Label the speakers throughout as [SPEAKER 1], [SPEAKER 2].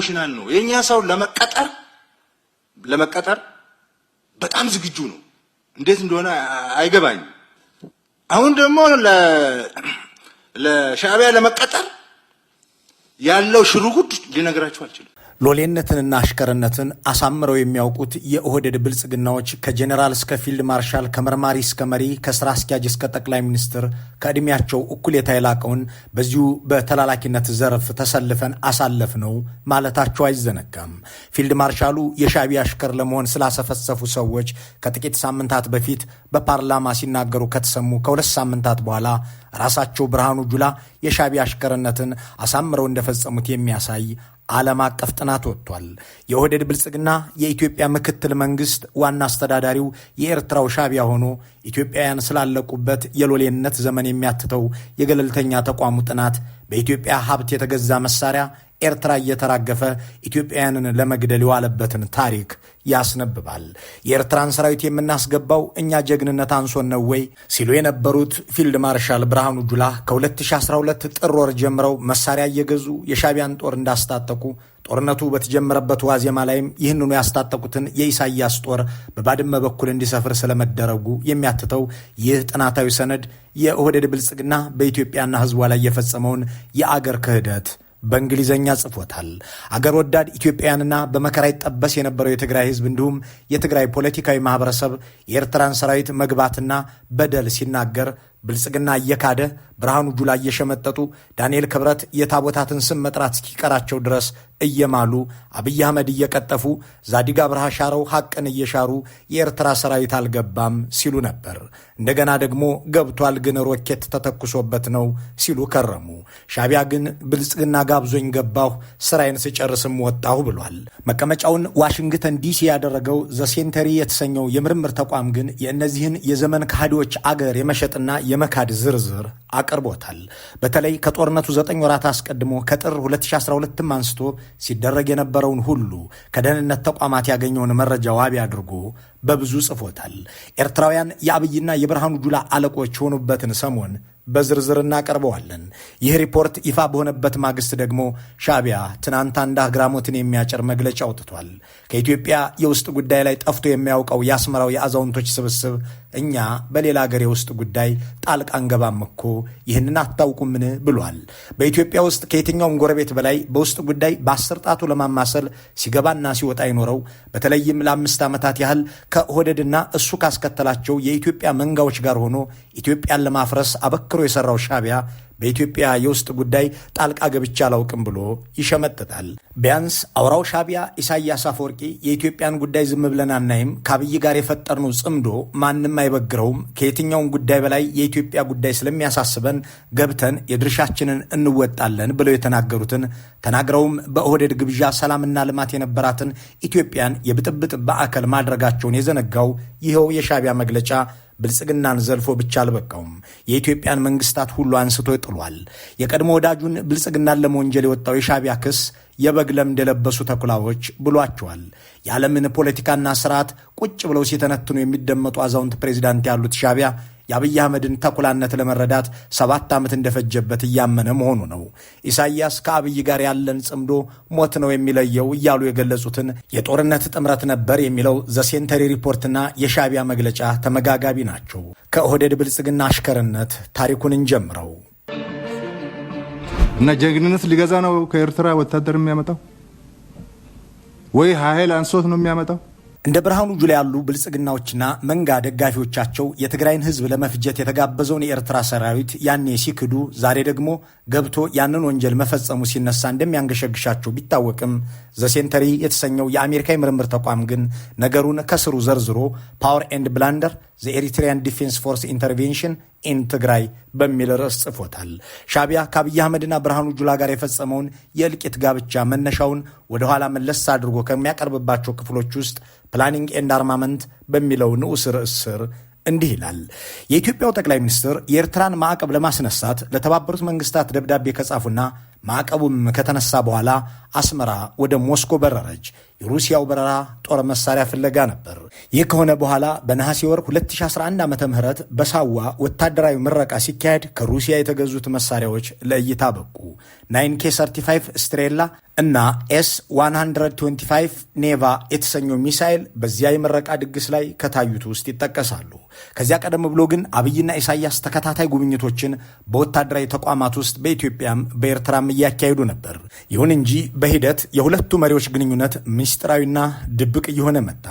[SPEAKER 1] ኢሞሽናል ነው። የኛ ሰው ለመቀጠር ለመቀጠር በጣም ዝግጁ ነው። እንዴት እንደሆነ አይገባኝም። አሁን ደግሞ ለሻዕቢያ ለመቀጠር ያለው ሽሩጉድ ሊነግራችሁ አልችልም።
[SPEAKER 2] ሎሌነትንና አሽከርነትን አሳምረው የሚያውቁት የኦህደድ ብልጽግናዎች ከጀኔራል እስከ ፊልድ ማርሻል ከመርማሪ እስከ መሪ ከስራ አስኪያጅ እስከ ጠቅላይ ሚኒስትር ከዕድሜያቸው እኩሌታ የላቀውን በዚሁ በተላላኪነት ዘርፍ ተሰልፈን አሳለፍ ነው ማለታቸው አይዘነጋም። ፊልድ ማርሻሉ የሻዕቢያ አሽከር ለመሆን ስላሰፈሰፉ ሰዎች ከጥቂት ሳምንታት በፊት በፓርላማ ሲናገሩ ከተሰሙ ከሁለት ሳምንታት በኋላ ራሳቸው ብርሃኑ ጁላ የሻዕቢያ አሽከርነትን አሳምረው እንደፈጸሙት የሚያሳይ ዓለም አቀፍ ጥናት ወጥቷል። የወደድ ብልጽግና የኢትዮጵያ ምክትል መንግስት ዋና አስተዳዳሪው የኤርትራው ሻቢያ ሆኖ ኢትዮጵያውያን ስላለቁበት የሎሌነት ዘመን የሚያትተው የገለልተኛ ተቋሙ ጥናት በኢትዮጵያ ሀብት የተገዛ መሳሪያ ኤርትራ እየተራገፈ ኢትዮጵያውያንን ለመግደል የዋለበትን ታሪክ ያስነብባል። የኤርትራን ሰራዊት የምናስገባው እኛ ጀግንነት አንሶን ነው ወይ ሲሉ የነበሩት ፊልድ ማርሻል ብርሃኑ ጁላ ከ2012 ጥር ወር ጀምረው መሳሪያ እየገዙ የሻቢያን ጦር እንዳስታጠቁ ጦርነቱ በተጀመረበት ዋዜማ ላይም ይህንኑ ያስታጠቁትን የኢሳያስ ጦር በባድመ በኩል እንዲሰፍር ስለመደረጉ የሚያትተው ይህ ጥናታዊ ሰነድ የኦህዴድ ብልጽግና በኢትዮጵያና ሕዝቧ ላይ የፈጸመውን የአገር ክህደት በእንግሊዘኛ ጽፎታል። አገር ወዳድ ኢትዮጵያውያንና በመከራ ይጠበስ የነበረው የትግራይ ሕዝብ እንዲሁም የትግራይ ፖለቲካዊ ማህበረሰብ የኤርትራን ሰራዊት መግባትና በደል ሲናገር ብልጽግና እየካደ ብርሃኑ ጁላ እየሸመጠጡ ዳንኤል ክብረት የታቦታትን ስም መጥራት እስኪቀራቸው ድረስ እየማሉ አብይ አህመድ እየቀጠፉ ዛዲግ አብርሃ ሻረው ሐቅን እየሻሩ የኤርትራ ሰራዊት አልገባም ሲሉ ነበር። እንደገና ደግሞ ገብቷል ግን ሮኬት ተተኩሶበት ነው ሲሉ ከረሙ። ሻቢያ ግን ብልጽግና ጋብዞኝ ገባሁ ስራዬን ስጨርስም ወጣሁ ብሏል። መቀመጫውን ዋሽንግተን ዲሲ ያደረገው ዘሴንተሪ የተሰኘው የምርምር ተቋም ግን የእነዚህን የዘመን ካህዲዎች አገር የመሸጥና የመካድ ዝርዝር አቅርቦታል። በተለይ ከጦርነቱ ዘጠኝ ወራት አስቀድሞ ከጥር 2012ም አንስቶ ሲደረግ የነበረውን ሁሉ ከደህንነት ተቋማት ያገኘውን መረጃ ዋቢ አድርጎ በብዙ ጽፎታል። ኤርትራውያን የአብይና የብርሃኑ ጁላ አለቆች የሆኑበትን ሰሞን በዝርዝር እናቀርበዋለን። ይህ ሪፖርት ይፋ በሆነበት ማግስት ደግሞ ሻቢያ ትናንት አንድ አግራሞትን የሚያጭር መግለጫ አውጥቷል። ከኢትዮጵያ የውስጥ ጉዳይ ላይ ጠፍቶ የሚያውቀው የአስመራው የአዛውንቶች ስብስብ እኛ በሌላ አገር የውስጥ ጉዳይ ጣልቃ አንገባም እኮ ይህንን አታውቁምን ብሏል። በኢትዮጵያ ውስጥ ከየትኛውም ጎረቤት በላይ በውስጥ ጉዳይ በአስር ጣቱ ለማማሰል ሲገባና ሲወጣ ይኖረው በተለይም ለአምስት ዓመታት ያህል ከኦህደድና እሱ ካስከተላቸው የኢትዮጵያ መንጋዎች ጋር ሆኖ ኢትዮጵያን ለማፍረስ አበክሮ የሰራው ሻቢያ በኢትዮጵያ የውስጥ ጉዳይ ጣልቃ ገብቼ አላውቅም ብሎ ይሸመጥጣል። ቢያንስ አውራው ሻቢያ ኢሳያስ አፈወርቂ የኢትዮጵያን ጉዳይ ዝም ብለን አናይም፣ ከአብይ ጋር የፈጠርነው ጽምዶ ማንም አይበግረውም፣ ከየትኛውም ጉዳይ በላይ የኢትዮጵያ ጉዳይ ስለሚያሳስበን ገብተን የድርሻችንን እንወጣለን ብለው የተናገሩትን ተናግረውም በኦህዴድ ግብዣ ሰላምና ልማት የነበራትን ኢትዮጵያን የብጥብጥ ማዕከል ማድረጋቸውን የዘነጋው ይኸው የሻቢያ መግለጫ ብልጽግናን ዘልፎ ብቻ አልበቃውም፣ የኢትዮጵያን መንግስታት ሁሉ አንስቶ ጥሏል። የቀድሞ ወዳጁን ብልጽግናን ለመወንጀል የወጣው የሻቢያ ክስ የበግ ለምድ የለበሱ ተኩላዎች ብሏቸዋል። የዓለምን ፖለቲካና ስርዓት ቁጭ ብለው ሲተነትኑ የሚደመጡ አዛውንት ፕሬዚዳንት ያሉት ሻቢያ የአብይ አህመድን ተኩላነት ለመረዳት ሰባት ዓመት እንደፈጀበት እያመነ መሆኑ ነው። ኢሳይያስ ከአብይ ጋር ያለን ጽምዶ ሞት ነው የሚለየው እያሉ የገለጹትን የጦርነት ጥምረት ነበር የሚለው ዘሴንተሪ ሪፖርትና የሻቢያ መግለጫ ተመጋጋቢ ናቸው። ከኦህዴድ ብልጽግና አሽከርነት ታሪኩን እንጀምረው
[SPEAKER 3] እና ጀግንነት ሊገዛ ነው ከኤርትራ ወታደር የሚያመጣው ወይ ኃይል አንሶት ነው የሚያመጣው
[SPEAKER 2] እንደ ብርሃኑ ጁላ ያሉ ብልጽግናዎችና መንጋ ደጋፊዎቻቸው የትግራይን ህዝብ ለመፍጀት የተጋበዘውን የኤርትራ ሰራዊት ያኔ ሲክዱ፣ ዛሬ ደግሞ ገብቶ ያንን ወንጀል መፈጸሙ ሲነሳ እንደሚያንገሸግሻቸው ቢታወቅም ዘሴንተሪ የተሰኘው የአሜሪካ የምርምር ተቋም ግን ነገሩን ከስሩ ዘርዝሮ ፓወር ኤንድ ብላንደር ዘኤሪትሪያን ዲፌንስ ፎርስ ኢንተርቬንሽን ኢን ትግራይ በሚል ርዕስ ጽፎታል። ሻቢያ ከአብይ አህመድና ብርሃኑ ጁላ ጋር የፈጸመውን የእልቂት ጋብቻ መነሻውን ወደኋላ መለስ አድርጎ ከሚያቀርብባቸው ክፍሎች ውስጥ ፕላኒንግ ኤንድ አርማመንት በሚለው ንዑስ ርዕስ ስር እንዲህ ይላል። የኢትዮጵያው ጠቅላይ ሚኒስትር የኤርትራን ማዕቀብ ለማስነሳት ለተባበሩት መንግስታት ደብዳቤ ከጻፉና ማዕቀቡም ከተነሳ በኋላ አስመራ ወደ ሞስኮ በረረች። የሩሲያው በረራ ጦር መሳሪያ ፍለጋ ነበር። ይህ ከሆነ በኋላ በነሐሴ ወር 2011 ዓ ም በሳዋ ወታደራዊ ምረቃ ሲካሄድ ከሩሲያ የተገዙት መሳሪያዎች ለእይታ በቁ። ናይንኬ 35 ስትሬላ እና ኤስ 125 ኔቫ የተሰኘው ሚሳይል በዚያ የምረቃ ድግስ ላይ ከታዩት ውስጥ ይጠቀሳሉ። ከዚያ ቀደም ብሎ ግን አብይና ኢሳያስ ተከታታይ ጉብኝቶችን በወታደራዊ ተቋማት ውስጥ በኢትዮጵያም በኤርትራም እያካሄዱ ነበር። ይሁን እንጂ በሂደት የሁለቱ መሪዎች ግንኙነት ምስጢራዊና ድብቅ እየሆነ መጣ።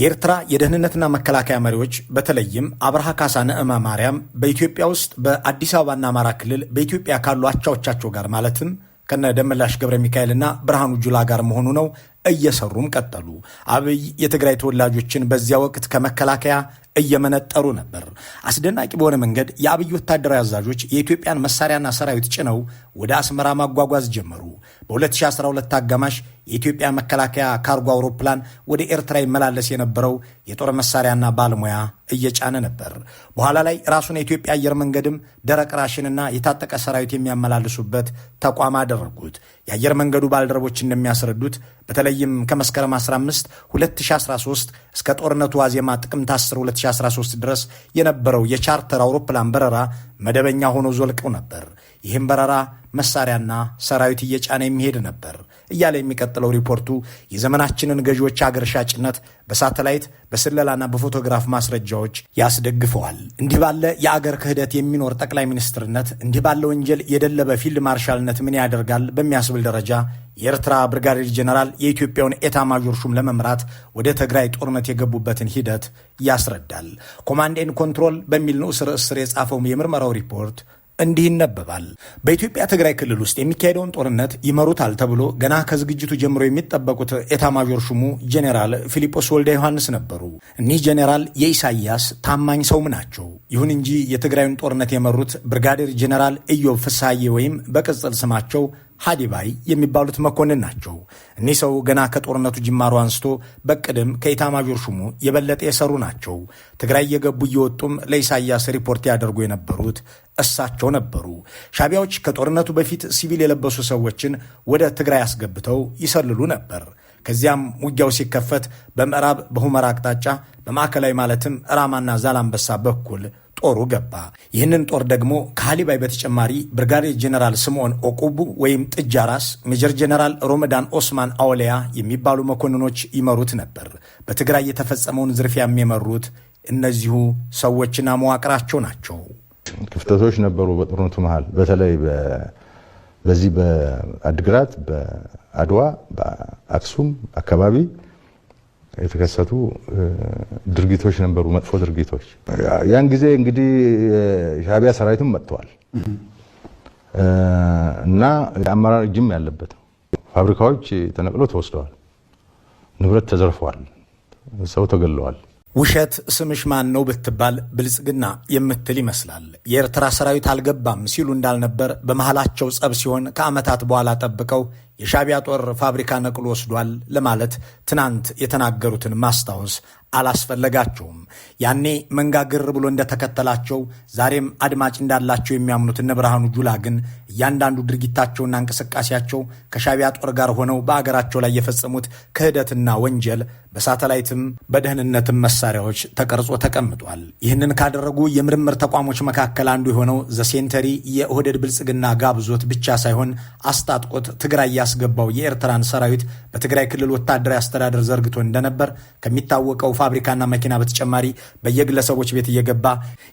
[SPEAKER 2] የኤርትራ የደህንነትና መከላከያ መሪዎች በተለይም አብርሃ ካሳ ነዕመ ማርያም በኢትዮጵያ ውስጥ በአዲስ አበባና አማራ ክልል በኢትዮጵያ ካሉ አቻዎቻቸው ጋር ማለትም ከነ ደመላሽ ገብረ ሚካኤልና ብርሃኑ ጁላ ጋር መሆኑ ነው እየሰሩም ቀጠሉ። አብይ የትግራይ ተወላጆችን በዚያ ወቅት ከመከላከያ እየመነጠሩ ነበር። አስደናቂ በሆነ መንገድ የአብይ ወታደራዊ አዛዦች የኢትዮጵያን መሳሪያና ሰራዊት ጭነው ወደ አስመራ ማጓጓዝ ጀመሩ። በ2012 አጋማሽ የኢትዮጵያ መከላከያ ካርጎ አውሮፕላን ወደ ኤርትራ ይመላለስ የነበረው የጦር መሳሪያና ባለሙያ እየጫነ ነበር። በኋላ ላይ ራሱን የኢትዮጵያ አየር መንገድም ደረቅ ራሽንና የታጠቀ ሰራዊት የሚያመላልሱበት ተቋም አደረጉት። የአየር መንገዱ ባልደረቦች እንደሚያስረዱት በተለይም ከመስከረም 15 2013 እስከ ጦርነቱ ዋዜማ ጥቅምት 10 2013 ድረስ የነበረው የቻርተር አውሮፕላን በረራ መደበኛ ሆኖ ዞልቀው ነበር። ይህም በረራ መሳሪያና ሰራዊት እየጫነ የሚሄድ ነበር። እያለ የሚቀጥለው ሪፖርቱ የዘመናችንን ገዢዎች አገር ሻጭነት በሳተላይት በስለላና በፎቶግራፍ ማስረጃዎች ያስደግፈዋል። እንዲህ ባለ የአገር ክህደት የሚኖር ጠቅላይ ሚኒስትርነት፣ እንዲህ ባለ ወንጀል የደለበ ፊልድ ማርሻልነት ምን ያደርጋል በሚያስብል ደረጃ የኤርትራ ብርጋዴር ጀነራል የኢትዮጵያውን ኤታ ማዦር ሹም ለመምራት ወደ ትግራይ ጦርነት የገቡበትን ሂደት ያስረዳል። ኮማንድ ኤን ኮንትሮል በሚል ንዑስ ርዕስ ስር የጻፈው የምርመራው ሪፖርት እንዲህ ይነበባል። በኢትዮጵያ ትግራይ ክልል ውስጥ የሚካሄደውን ጦርነት ይመሩታል ተብሎ ገና ከዝግጅቱ ጀምሮ የሚጠበቁት ኤታማዦር ሹሙ ጄኔራል ፊሊጶስ ወልደ ዮሐንስ ነበሩ። እኒህ ጄኔራል የኢሳይያስ ታማኝ ሰውም ናቸው። ይሁን እንጂ የትግራዩን ጦርነት የመሩት ብርጋዴር ጄኔራል ኢዮብ ፍሳዬ ወይም በቅጽል ስማቸው ሀዲባይ የሚባሉት መኮንን ናቸው። እኒህ ሰው ገና ከጦርነቱ ጅማሮ አንስቶ በቅድም ከኢታማዦር ሹሙ የበለጠ የሰሩ ናቸው። ትግራይ የገቡ እየወጡም ለኢሳያስ ሪፖርት ያደርጉ የነበሩት እሳቸው ነበሩ። ሻቢያዎች ከጦርነቱ በፊት ሲቪል የለበሱ ሰዎችን ወደ ትግራይ አስገብተው ይሰልሉ ነበር። ከዚያም ውጊያው ሲከፈት በምዕራብ በሁመራ አቅጣጫ በማዕከላዊ ማለትም ራማና ዛላንበሳ በኩል ጦሩ ገባ። ይህንን ጦር ደግሞ ከሃሊባይ በተጨማሪ ብርጋዴር ጀነራል ስምዖን ኦቁቡ ወይም ጥጃ ራስ፣ ሜጀር ጀነራል ሮመዳን ኦስማን አውሊያ የሚባሉ መኮንኖች ይመሩት ነበር። በትግራይ የተፈጸመውን ዝርፊያ የሚመሩት እነዚሁ ሰዎችና መዋቅራቸው ናቸው።
[SPEAKER 4] ክፍተቶች ነበሩ በጦርነቱ መሃል በተለይ በዚህ በአድግራት፣ በአድዋ፣ በአክሱም አካባቢ የተከሰቱ ድርጊቶች ነበሩ፣ መጥፎ ድርጊቶች። ያን ጊዜ እንግዲህ ሻቢያ ሰራዊትም መጥተዋል እና የአመራር እጅም ያለበት ፋብሪካዎች ተነቅለው ተወስደዋል፣ ንብረት ተዘርፈዋል፣ ሰው ተገለዋል።
[SPEAKER 2] ውሸት ስምሽ ማን ነው ብትባል ብልጽግና የምትል ይመስላል። የኤርትራ ሰራዊት አልገባም ሲሉ እንዳልነበር በመሃላቸው ጸብ ሲሆን ከዓመታት በኋላ ጠብቀው የሻቢያ ጦር ፋብሪካ ነቅሎ ወስዷል ለማለት ትናንት የተናገሩትን ማስታወስ አላስፈለጋቸውም። ያኔ መንጋግር ብሎ እንደተከተላቸው ዛሬም አድማጭ እንዳላቸው የሚያምኑት እነ ብርሃኑ ጁላ ግን እያንዳንዱ ድርጊታቸውና እንቅስቃሴያቸው ከሻቢያ ጦር ጋር ሆነው በአገራቸው ላይ የፈጸሙት ክህደትና ወንጀል በሳተላይትም በደህንነትም መሳሪያዎች ተቀርጾ ተቀምጧል። ይህንን ካደረጉ የምርምር ተቋሞች መካከል አንዱ የሆነው ዘሴንተሪ የኦህደድ ብልጽግና ጋብዞት ብቻ ሳይሆን አስታጥቆት ትግራይ ያስገባው የኤርትራን ሰራዊት በትግራይ ክልል ወታደራዊ አስተዳደር ዘርግቶ እንደነበር ከሚታወቀው ፋብሪካና መኪና በተጨማሪ በየግለሰቦች ቤት እየገባ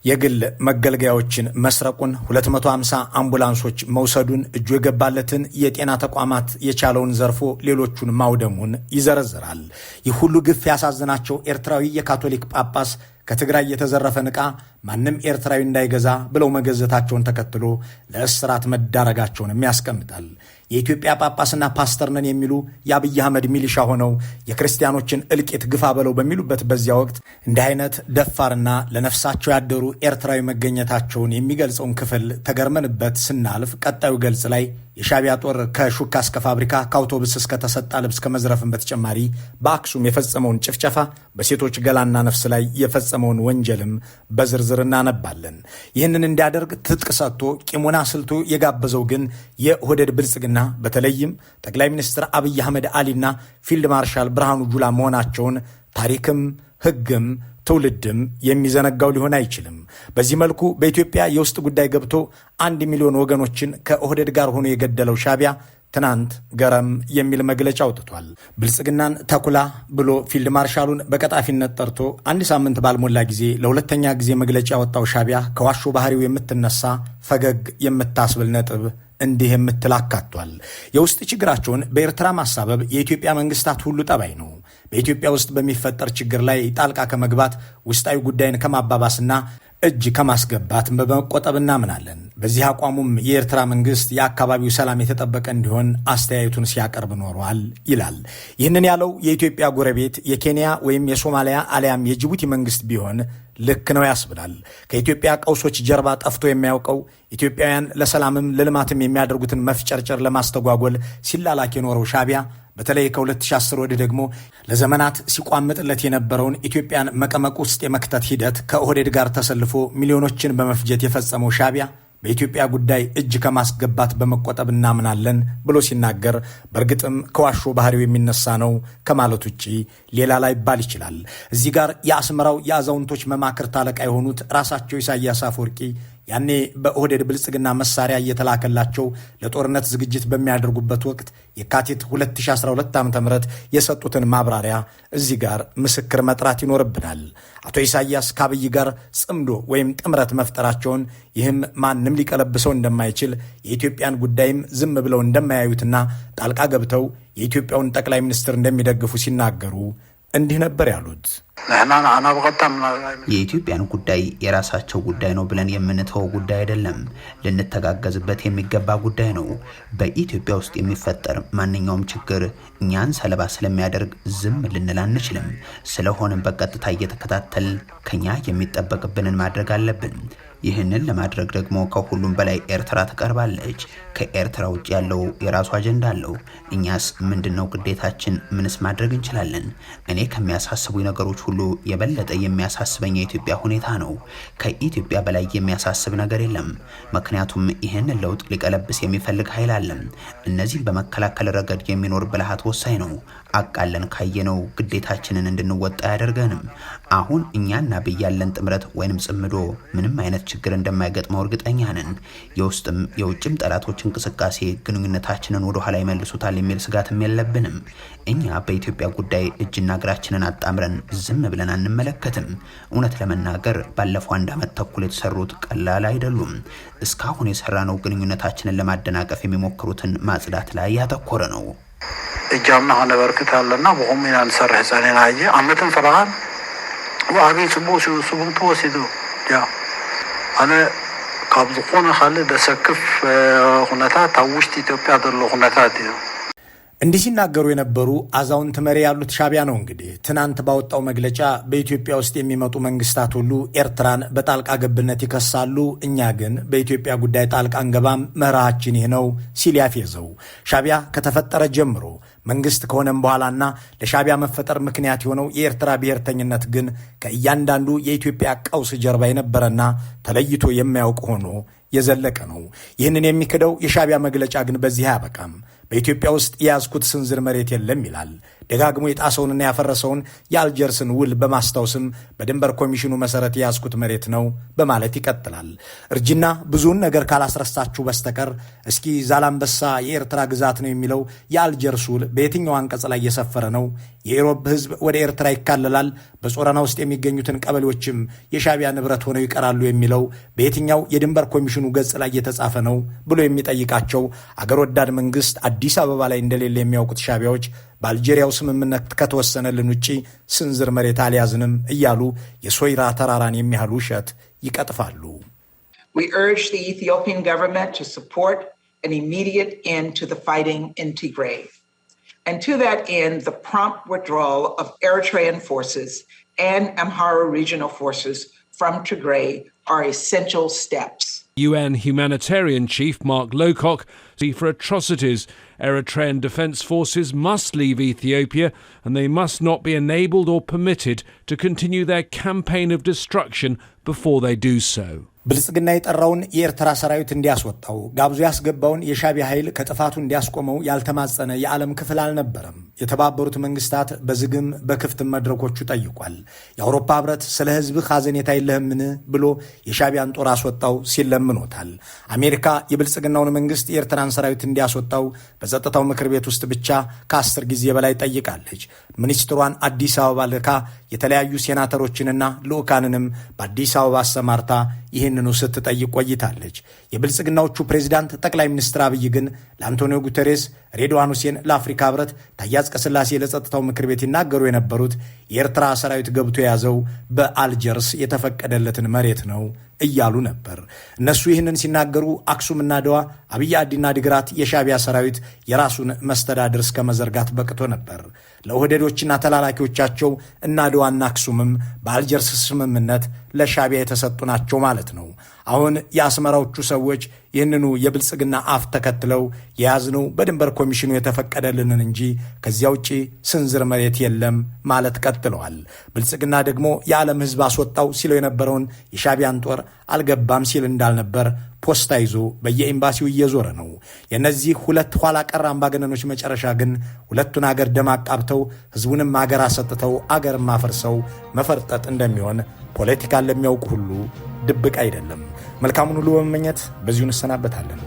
[SPEAKER 2] የግል መገልገያዎችን መስረቁን፣ 250 አምቡላንሶች መውሰዱን፣ እጁ የገባለትን የጤና ተቋማት የቻለውን ዘርፎ ሌሎቹን ማውደሙን ይዘረዝራል። ይህ ሁሉ ግፍ ያሳዝናቸው ኤርትራዊ የካቶሊክ ጳጳስ ከትግራይ የተዘረፈን ዕቃ ማንም ኤርትራዊ እንዳይገዛ ብለው መገዘታቸውን ተከትሎ ለእስራት መዳረጋቸውንም ያስቀምጣል። የኢትዮጵያ ጳጳስና ፓስተር ነን የሚሉ የአብይ አህመድ ሚሊሻ ሆነው የክርስቲያኖችን እልቂት ግፋ በለው በሚሉበት በዚያ ወቅት እንዲህ አይነት ደፋርና ለነፍሳቸው ያደሩ ኤርትራዊ መገኘታቸውን የሚገልጸውን ክፍል ተገርመንበት ስናልፍ ቀጣዩ ገልጽ ላይ የሻቢያ ጦር ከሹካ እስከ ፋብሪካ ከአውቶቡስ እስከ ተሰጣ ልብስ ከመዝረፍን በተጨማሪ በአክሱም የፈጸመውን ጭፍጨፋ በሴቶች ገላና ነፍስ ላይ የፈጸመውን ወንጀልም በዝርዝር ዝርዝር እናነባለን። ይህንን እንዲያደርግ ትጥቅ ሰጥቶ ቂሙን አስልቶ የጋበዘው ግን የኦህዴድ ብልጽግና በተለይም ጠቅላይ ሚኒስትር አብይ አህመድ አሊና ፊልድ ማርሻል ብርሃኑ ጁላ መሆናቸውን ታሪክም ህግም ትውልድም የሚዘነጋው ሊሆን አይችልም። በዚህ መልኩ በኢትዮጵያ የውስጥ ጉዳይ ገብቶ አንድ ሚሊዮን ወገኖችን ከኦህዴድ ጋር ሆኖ የገደለው ሻቢያ ትናንት ገረም የሚል መግለጫ አውጥቷል። ብልጽግናን ተኩላ ብሎ ፊልድ ማርሻሉን በቀጣፊነት ጠርቶ አንድ ሳምንት ባልሞላ ጊዜ ለሁለተኛ ጊዜ መግለጫ ያወጣው ሻቢያ ከዋሾ ባህሪው የምትነሳ ፈገግ የምታስብል ነጥብ እንዲህ የምትል አካቷል። የውስጥ ችግራቸውን በኤርትራ ማሳበብ የኢትዮጵያ መንግስታት ሁሉ ጠባይ ነው። በኢትዮጵያ ውስጥ በሚፈጠር ችግር ላይ ጣልቃ ከመግባት ውስጣዊ ጉዳይን ከማባባስና እጅ ከማስገባት በመቆጠብ እናምናለን። በዚህ አቋሙም የኤርትራ መንግስት የአካባቢው ሰላም የተጠበቀ እንዲሆን አስተያየቱን ሲያቀርብ ኖሯል ይላል። ይህንን ያለው የኢትዮጵያ ጎረቤት የኬንያ ወይም የሶማሊያ አሊያም የጅቡቲ መንግስት ቢሆን ልክ ነው ያስብላል። ከኢትዮጵያ ቀውሶች ጀርባ ጠፍቶ የሚያውቀው ኢትዮጵያውያን ለሰላምም ለልማትም የሚያደርጉትን መፍጨርጨር ለማስተጓጎል ሲላላክ የኖረው ሻቢያ በተለይ ከ2010 ወዲህ ደግሞ ለዘመናት ሲቋምጥለት የነበረውን ኢትዮጵያን መቀመቅ ውስጥ የመክተት ሂደት ከኦህዴድ ጋር ተሰልፎ ሚሊዮኖችን በመፍጀት የፈጸመው ሻቢያ በኢትዮጵያ ጉዳይ እጅ ከማስገባት በመቆጠብ እናምናለን ብሎ ሲናገር በእርግጥም ከዋሾ ባህሪው የሚነሳ ነው ከማለት ውጭ ሌላ ላይባል ይችላል። እዚህ ጋር የአስመራው የአዛውንቶች መማክርት አለቃ የሆኑት ራሳቸው ኢሳያስ አፈወርቂ ያኔ በኦህዴድ ብልጽግና መሳሪያ እየተላከላቸው ለጦርነት ዝግጅት በሚያደርጉበት ወቅት የካቲት 2012 ዓ ም የሰጡትን ማብራሪያ እዚህ ጋር ምስክር መጥራት ይኖርብናል። አቶ ኢሳያስ ከአብይ ጋር ጽምዶ ወይም ጥምረት መፍጠራቸውን ይህም ማንም ሊቀለብሰው እንደማይችል የኢትዮጵያን ጉዳይም ዝም ብለው እንደማያዩትና ጣልቃ ገብተው የኢትዮጵያውን ጠቅላይ ሚኒስትር እንደሚደግፉ ሲናገሩ እንዲህ ነበር ያሉት።
[SPEAKER 5] የኢትዮጵያን ጉዳይ የራሳቸው ጉዳይ ነው ብለን የምንተወው ጉዳይ አይደለም። ልንተጋገዝበት የሚገባ ጉዳይ ነው። በኢትዮጵያ ውስጥ የሚፈጠር ማንኛውም ችግር እኛን ሰለባ ስለሚያደርግ ዝም ልንል አንችልም። ስለሆነም በቀጥታ እየተከታተል ከኛ የሚጠበቅብንን ማድረግ አለብን። ይህንን ለማድረግ ደግሞ ከሁሉም በላይ ኤርትራ ትቀርባለች። ከኤርትራ ውጭ ያለው የራሱ አጀንዳ አለው። እኛስ ምንድነው ግዴታችን? ምንስ ማድረግ እንችላለን? እኔ ከሚያሳስቡ ነገሮች ሁሉ ሁሉ የበለጠ የሚያሳስበኝ የኢትዮጵያ ሁኔታ ነው። ከኢትዮጵያ በላይ የሚያሳስብ ነገር የለም። ምክንያቱም ይህንን ለውጥ ሊቀለብስ የሚፈልግ ኃይል አለም። እነዚህን በመከላከል ረገድ የሚኖር ብልሃት ወሳኝ ነው። አቃለን ካየነው ግዴታችንን እንድንወጣ አያደርገንም። አሁን እኛና ብያለን ጥምረት ወይንም ጽምዶ ምንም አይነት ችግር እንደማይገጥመው እርግጠኛ ነን። የውስጥም የውጭም ጠላቶች እንቅስቃሴ ግንኙነታችንን ወደኋላ ይመልሱታል የሚል ስጋትም የለብንም። እኛ በኢትዮጵያ ጉዳይ እጅና እግራችንን አጣምረን ዝም ብለን አንመለከትም። እውነት ለመናገር ባለፈው አንድ ዓመት ተኩል የተሰሩት ቀላል አይደሉም። እስካሁን የሰራነው ግንኙነታችንን ለማደናቀፍ የሚሞክሩትን ማጽዳት ላይ ያተኮረ ነው።
[SPEAKER 6] እጃምና ሆነ በርክት አለና በሆም ንሰራ ህፃኔ ና አየ አመትን ፈራሃል ጽቡቅ ሲ ጽቡቅ ወሲዱ ያ አነ ካብ ዝኾነ ካልእ ደሰክፍ ኩነታት ኣብ ውሽጢ ኢትዮጵያ ዘሎ ኩነታት እዩ
[SPEAKER 2] እንዲህ ሲናገሩ የነበሩ አዛውንት መሪ ያሉት ሻቢያ ነው። እንግዲህ ትናንት ባወጣው መግለጫ በኢትዮጵያ ውስጥ የሚመጡ መንግስታት ሁሉ ኤርትራን በጣልቃ ገብነት ይከሳሉ፣ እኛ ግን በኢትዮጵያ ጉዳይ ጣልቃ እንገባም፣ መርሃችን ይህ ነው ሲል ያፌዘው ሻቢያ ከተፈጠረ ጀምሮ መንግስት ከሆነም በኋላና ለሻቢያ መፈጠር ምክንያት የሆነው የኤርትራ ብሔርተኝነት ግን ከእያንዳንዱ የኢትዮጵያ ቀውስ ጀርባ የነበረና ተለይቶ የማያውቅ ሆኖ የዘለቀ ነው። ይህንን የሚክደው የሻቢያ መግለጫ ግን በዚህ አያበቃም። በኢትዮጵያ ውስጥ የያዝኩት ስንዝር መሬት የለም ይላል። ደጋግሞ የጣሰውንና ያፈረሰውን የአልጀርስን ውል በማስታወስም በድንበር ኮሚሽኑ መሰረት የያዝኩት መሬት ነው በማለት ይቀጥላል። እርጅና ብዙውን ነገር ካላስረሳችሁ በስተቀር እስኪ ዛላምበሳ የኤርትራ ግዛት ነው የሚለው የአልጀርስ ውል በየትኛው አንቀጽ ላይ እየሰፈረ ነው? የኢሮብ ህዝብ ወደ ኤርትራ ይካለላል፣ በጾረና ውስጥ የሚገኙትን ቀበሌዎችም የሻቢያ ንብረት ሆነው ይቀራሉ የሚለው በየትኛው የድንበር ኮሚሽኑ ገጽ ላይ እየተጻፈ ነው ብሎ የሚጠይቃቸው አገር ወዳድ መንግስት አዲስ አበባ ላይ እንደሌለ የሚያውቁት ሻቢያዎች We urge the
[SPEAKER 7] Ethiopian government to support an immediate end to the fighting in Tigray, And to that end, the prompt withdrawal of Eritrean forces and Amhara regional forces from Tigray are essential steps.
[SPEAKER 8] UN humanitarian chief Mark Lowcock amnesty for atrocities. Eritrean Defence forces must leave Ethiopia and they must not be enabled or permitted to continue their campaign of destruction before they do so.
[SPEAKER 2] ብልጽግና የጠራውን የኤርትራ ሰራዊት እንዲያስወጣው ጋብዞ ያስገባውን የሻቢያ ኃይል ከጥፋቱ እንዲያስቆመው ያልተማጸነ የዓለም ክፍል አልነበረም። የተባበሩት መንግስታት በዝግም በክፍትም መድረኮቹ ጠይቋል። የአውሮፓ ህብረት ስለ ህዝብ ሐዘኔታ የለህምን ብሎ የሻቢያን ጦር አስወጣው ሲለምኖታል። አሜሪካ የብልጽግናውን መንግስት የኤርትራን የኤርትራን ሰራዊት እንዲያስወጣው በጸጥታው ምክር ቤት ውስጥ ብቻ ከአስር ጊዜ በላይ ጠይቃለች። ሚኒስትሯን አዲስ አበባ ልካ የተለያዩ ሴናተሮችንና ልዑካንንም በአዲስ አበባ አሰማርታ ይህንኑ ስትጠይቅ ቆይታለች። የብልጽግናዎቹ ፕሬዚዳንት ጠቅላይ ሚኒስትር አብይ ግን ለአንቶኒዮ ጉተሬስ፣ ሬድዋን ሁሴን ለአፍሪካ ህብረት፣ ታዬ አጽቀሥላሴ ለጸጥታው ምክር ቤት ይናገሩ የነበሩት የኤርትራ ሰራዊት ገብቶ የያዘው በአልጀርስ የተፈቀደለትን መሬት ነው እያሉ ነበር። እነሱ ይህንን ሲናገሩ አክሱምና አድዋ፣ አብይ አዲና ድግራት የሻቢያ ሰራዊት የራሱን መስተዳድር እስከ መዘርጋት በቅቶ ነበር። ለውህደዶችና ተላላኪዎቻቸው እና አድዋና አክሱምም በአልጀርስ ስምምነት ለሻቢያ የተሰጡ ናቸው ማለት ነው። አሁን የአስመራዎቹ ሰዎች ይህንኑ የብልጽግና አፍ ተከትለው የያዝነው በድንበር ኮሚሽኑ የተፈቀደልንን እንጂ ከዚያ ውጭ ስንዝር መሬት የለም ማለት ቀጥለዋል። ብልጽግና ደግሞ የዓለም ሕዝብ አስወጣው ሲለው የነበረውን የሻቢያን ጦር አልገባም ሲል እንዳልነበር ፖስታ ይዞ በየኤምባሲው እየዞረ ነው። የእነዚህ ሁለት ኋላ ቀር አምባገነኖች መጨረሻ ግን ሁለቱን አገር ደም አቃብተው ህዝቡንም አገር አሰጥተው አገር ማፈርሰው መፈርጠጥ እንደሚሆን ፖለቲካን ለሚያውቅ ሁሉ ድብቅ አይደለም። መልካሙን ሁሉ በመመኘት በዚሁ እንሰናበታለን።